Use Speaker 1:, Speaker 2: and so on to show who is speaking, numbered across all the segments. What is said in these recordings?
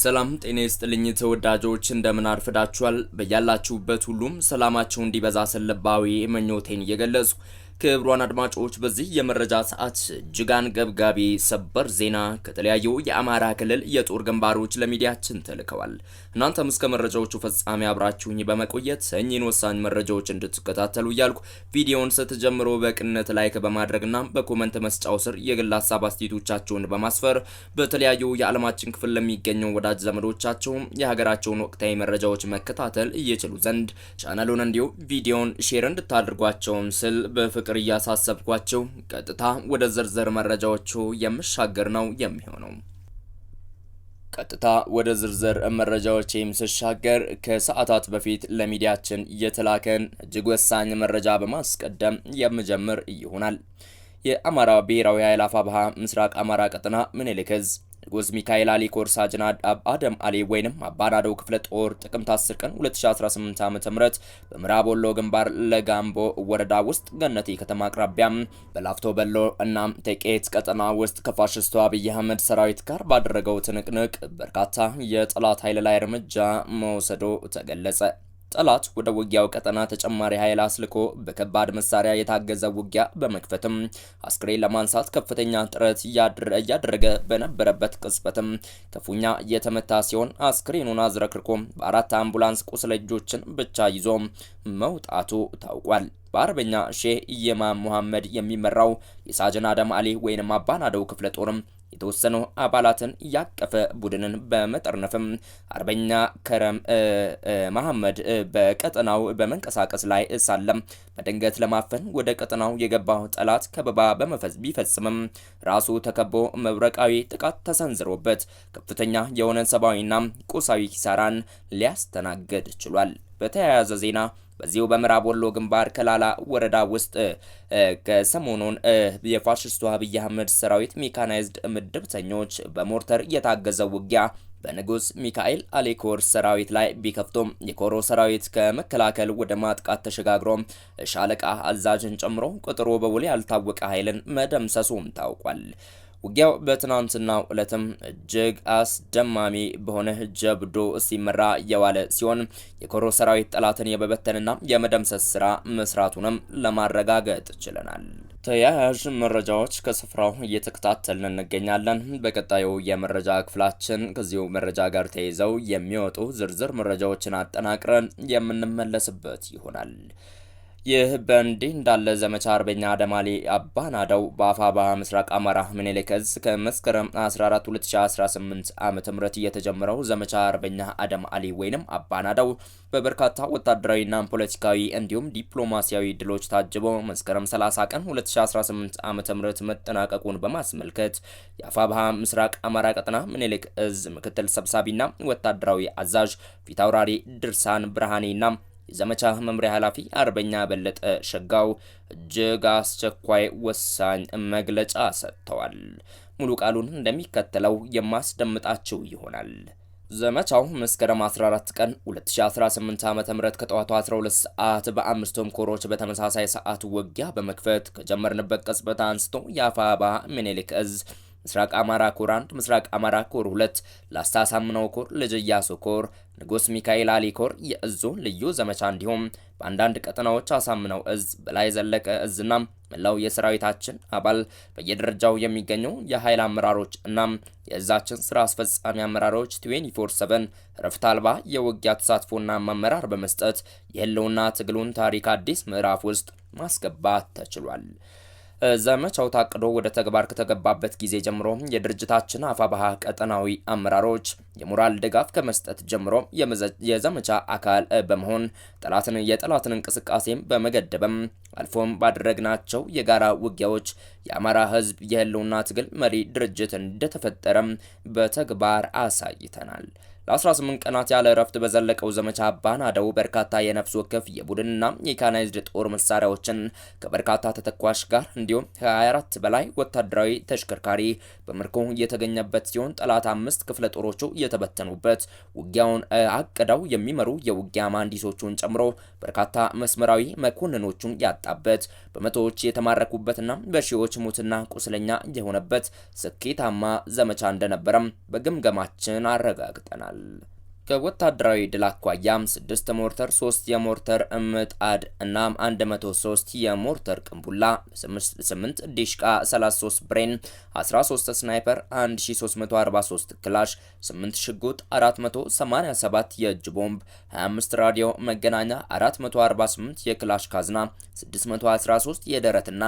Speaker 1: ሰላም ጤና ይስጥልኝ ተወዳጆች፣ እንደምን አርፍዳችኋል? በያላችሁበት ሁሉም ሰላማችሁ እንዲበዛ ሰለባዊ ምኞቴን እየገለጽኩ ክብሯን አድማጮች በዚህ የመረጃ ሰዓት እጅግ አንገብጋቢ ሰበር ዜና ከተለያዩ የአማራ ክልል የጦር ግንባሮች ለሚዲያችን ተልከዋል። እናንተም እስከ መረጃዎቹ ፍጻሜ አብራችሁኝ በመቆየት እኚህን ወሳኝ መረጃዎች እንድትከታተሉ እያልኩ ቪዲዮውን ስትጀምሮ በቅነት ላይክ በማድረግና በኮመንት መስጫው ስር የግል ሀሳብ አስተያየቶቻችሁን በማስፈር በተለያዩ የዓለማችን ክፍል ለሚገኙ ወዳጅ ዘመዶቻቸውም የሀገራቸውን ወቅታዊ መረጃዎች መከታተል እየችሉ ዘንድ ቻናሉን እንዲሁ ቪዲዮውን ሼር እንድታደርጓቸውም ስል በፍቅር በፍቅር እያሳሰብኳቸው ቀጥታ ወደ ዝርዝር መረጃዎቹ የምሻገር ነው የሚሆነው። ቀጥታ ወደ ዝርዝር መረጃዎች ስሻገር ከሰዓታት በፊት ለሚዲያችን እየተላከን እጅግ ወሳኝ መረጃ በማስቀደም የምጀምር ይሆናል። የአማራ ብሔራዊ ኃይል አፋብሃ ምስራቅ አማራ ቀጠና ምኒልክ ዕዝ ንጉስ ሚካኤል አሊ ኮርሳ ጅናድ አደም አሊ ወይንም አባናደው ክፍለ ጦር ጥቅምት 10 ቀን 2018 ዓ.ም በምዕራብ ወሎ ግንባር ለጋምቦ ወረዳ ውስጥ ገነቴ ከተማ አቅራቢያ በላፍቶ በሎ እና ቴቄት ቀጠና ውስጥ ከፋሽስቱ አብይ አህመድ ሰራዊት ጋር ባደረገው ትንቅንቅ በርካታ የጠላት ኃይል ላይ እርምጃ መውሰዶ ተገለጸ። ጠላት ወደ ውጊያው ቀጠና ተጨማሪ ኃይል አስልኮ በከባድ መሳሪያ የታገዘ ውጊያ በመክፈትም አስክሬን ለማንሳት ከፍተኛ ጥረት እያደረገ በነበረበት ቅጽበትም ክፉኛ እየተመታ ሲሆን አስክሬኑን አዝረክርኮ በአራት አምቡላንስ ቁስለጆችን ብቻ ይዞ መውጣቱ ታውቋል። በአርበኛ ሼህ ኢየማ ሙሐመድ የሚመራው የሳጅን አደም አሊ ወይንም አባናደው ክፍለ ጦርም የተወሰኑ አባላትን ያቀፈ ቡድንን በመጠርነፍም አርበኛ ከረም መሐመድ በቀጠናው በመንቀሳቀስ ላይ ሳለም በድንገት ለማፈን ወደ ቀጠናው የገባው ጠላት ከበባ በመፈዝ ቢፈጽምም ራሱ ተከቦ መብረቃዊ ጥቃት ተሰንዝሮበት ከፍተኛ የሆነ ሰብአዊና ቁሳዊ ኪሳራን ሊያስተናግድ ችሏል። በተያያዘ ዜና በዚሁ በምዕራብ ወሎ ግንባር ከላላ ወረዳ ውስጥ ከሰሞኑን የፋሽስቱ አብይ አህመድ ሰራዊት ሜካናይዝድ ምድብተኞች በሞርተር የታገዘው ውጊያ በንጉስ ሚካኤል አሌኮር ሰራዊት ላይ ቢከፍቱም የኮሮ ሰራዊት ከመከላከል ወደ ማጥቃት ተሸጋግሮ ሻለቃ አዛዥን ጨምሮ ቁጥሩ በውል ያልታወቀ ኃይልን መደምሰሱም ታውቋል። ውጊያው በትናንትናው ዕለትም እጅግ አስደማሚ በሆነ ጀብዶ ሲመራ የዋለ ሲሆን የኮሮ ሰራዊት ጠላትን የመበተንና የመደምሰስ ስራ መስራቱንም ለማረጋገጥ ችለናል። ተያያዥ መረጃዎች ከስፍራው እየተከታተልን እንገኛለን። በቀጣዩ የመረጃ ክፍላችን ከዚሁ መረጃ ጋር ተይዘው የሚወጡ ዝርዝር መረጃዎችን አጠናቅረን የምንመለስበት ይሆናል። ይህ በእንዲህ እንዳለ ዘመቻ አርበኛ አደማሌ አባናዳው በአፋባ ምስራቅ አማራ ምኒልክ ዕዝ ከመስከረም 14 2018 ዓ ም የተጀመረው ዘመቻ አርበኛ አደም አሊ ወይንም አባናደው በበርካታ ወታደራዊና ፖለቲካዊ እንዲሁም ዲፕሎማሲያዊ ድሎች ታጅቦ መስከረም 30 ቀን 2018 ዓ ም መጠናቀቁን በማስመልከት የአፋባ ምስራቅ አማራ ቀጠና ምኒልክ ዕዝ ምክትል ሰብሳቢና ወታደራዊ አዛዥ ፊታውራሪ ድርሳን ብርሃኔና የዘመቻ መምሪያ ኃላፊ አርበኛ በለጠ ሸጋው እጅግ አስቸኳይ ወሳኝ መግለጫ ሰጥተዋል። ሙሉ ቃሉን እንደሚከተለው የማስደምጣቸው ይሆናል። ዘመቻው መስከረም 14 ቀን 2018 ዓ ም ከጠዋቱ 12 ሰዓት በአምስቱም ኮሮች በተመሳሳይ ሰዓት ውጊያ በመክፈት ከጀመርንበት ቅጽበት አንስቶ የአፋባ ምኒልክ እዝ ምስራቅ አማራ ኮር አንድ ምስራቅ አማራ ኮር ሁለት ላስታ ሳምናው ኮር ልጅ ኢያሱ ኮር ንጉስ ሚካኤል አሊ ኮር የእዙ ልዩ ዘመቻ እንዲሁም በአንዳንድ ቀጠናዎች አሳምነው እዝ በላይ ዘለቀ እዝና መላው የሰራዊታችን አባል በየደረጃው የሚገኙ የኃይል አመራሮች እና የእዛችን ስራ አስፈጻሚ አመራሮች 24/7 እረፍት አልባ የውጊያ ተሳትፎና ማመራር በመስጠት የህልውና ትግሉን ታሪክ አዲስ ምዕራፍ ውስጥ ማስገባት ተችሏል። ዘመቻው ታቅዶ ወደ ተግባር ከተገባበት ጊዜ ጀምሮ የድርጅታችን አፋባሃ ቀጠናዊ አመራሮች የሞራል ድጋፍ ከመስጠት ጀምሮ የዘመቻ አካል በመሆን ጠላትን የጠላትን እንቅስቃሴም በመገደብም አልፎም ባደረግናቸው የጋራ ውጊያዎች የአማራ ሕዝብ የህልውና ትግል መሪ ድርጅት እንደተፈጠረም በተግባር አሳይተናል። ለ18 ቀናት ያለ እረፍት በዘለቀው ዘመቻ አደው በርካታ የነፍስ ወከፍ የቡድንና የካናይዝድ ጦር መሳሪያዎችን ከበርካታ ተተኳሽ ጋር እንዲሁም ከ24 በላይ ወታደራዊ ተሽከርካሪ በምርኮ እየተገኘበት ሲሆን ጠላት አምስት ክፍለ ጦሮቹ የተበተኑበት ውጊያውን አቅደው የሚመሩ የውጊያ መሐንዲሶቹን ጨምሮ በርካታ መስመራዊ መኮንኖቹን ያጣበት በመቶዎች የተማረኩበትና በሺዎች ሙትና ቁስለኛ የሆነበት ስኬታማ ዘመቻ እንደነበረም በግምገማችን አረጋግጠናል። Portugal. ከወታደራዊ ድል አኳያም 6 ሞርተር 3 የሞርተር ምጣድ እናም 103 የሞርተር ቅንቡላ 8 ዲሽቃ 33 ብሬን 13 ስናይፐር 1343 ክላሽ 8 ሽጉጥ 487 የእጅ ቦምብ 25 ራዲዮ መገናኛ 448 የክላሽ ካዝና 613 የደረትና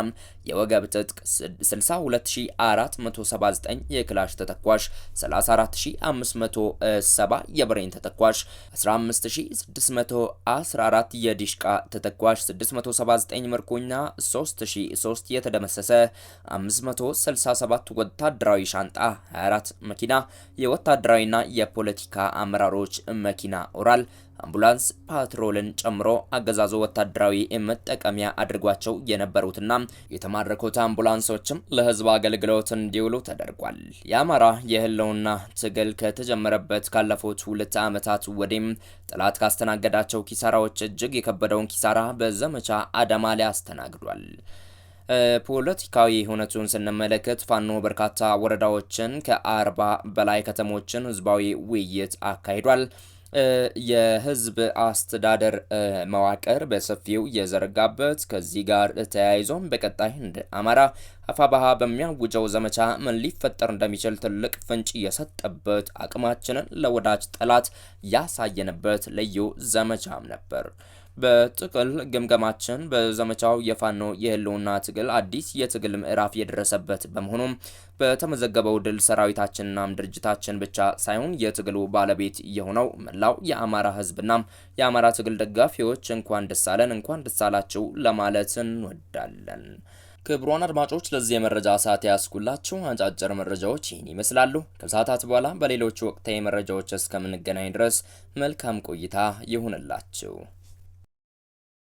Speaker 1: የወገብ ትጥቅ 62479 የክላሽ ተተኳሽ 34570 የብሬን ዘጠኝ ተተኳሽ 15614 የዲሽቃ ተተኳሽ 679 ምርኮኛ 3003 የተደመሰሰ 567 ወታደራዊ ሻንጣ 24 መኪና የወታደራዊና የፖለቲካ አመራሮች መኪና ኦራል አምቡላንስ ፓትሮልን ጨምሮ አገዛዙ ወታደራዊ መጠቀሚያ አድርጓቸው የነበሩትና የተማረኩት አምቡላንሶችም ለህዝብ አገልግሎት እንዲውሉ ተደርጓል። የአማራ የህልውና ትግል ከተጀመረበት ካለፉት ሁለት ዓመታት ወዲህም ጠላት ካስተናገዳቸው ኪሳራዎች እጅግ የከበደውን ኪሳራ በዘመቻ አዳማ ላይ አስተናግዷል። ፖለቲካዊ ሁነቱን ስንመለከት ፋኖ በርካታ ወረዳዎችን ከአርባ በላይ ከተሞችን ህዝባዊ ውይይት አካሂዷል። የህዝብ አስተዳደር መዋቅር በሰፊው የዘረጋበት ከዚህ ጋር ተያይዞም በቀጣይ እንደ አማራ አፋባሃ በሚያውጀው ዘመቻ ምን ሊፈጠር እንደሚችል ትልቅ ፍንጭ የሰጠበት አቅማችንን ለወዳጅ ጠላት ያሳየንበት ልዩ ዘመቻም ነበር። በጥቅል ግምገማችን በዘመቻው የፋኖ የህልውና ትግል አዲስ የትግል ምዕራፍ የደረሰበት በመሆኑም በተመዘገበው ድል ሰራዊታችንናም ድርጅታችን ብቻ ሳይሆን የትግሉ ባለቤት የሆነው መላው የአማራ ህዝብና የአማራ ትግል ደጋፊዎች እንኳን ደሳለን እንኳን ደሳላችሁ ለማለት እንወዳለን። ክቡራን አድማጮች ለዚህ የመረጃ ሰዓት ያስኩላችሁ አጫጭር መረጃዎች ይህን ይመስላሉ። ከሰዓታት በኋላ በሌሎች ወቅታዊ መረጃዎች እስከምንገናኝ ድረስ መልካም ቆይታ ይሁንላችሁ።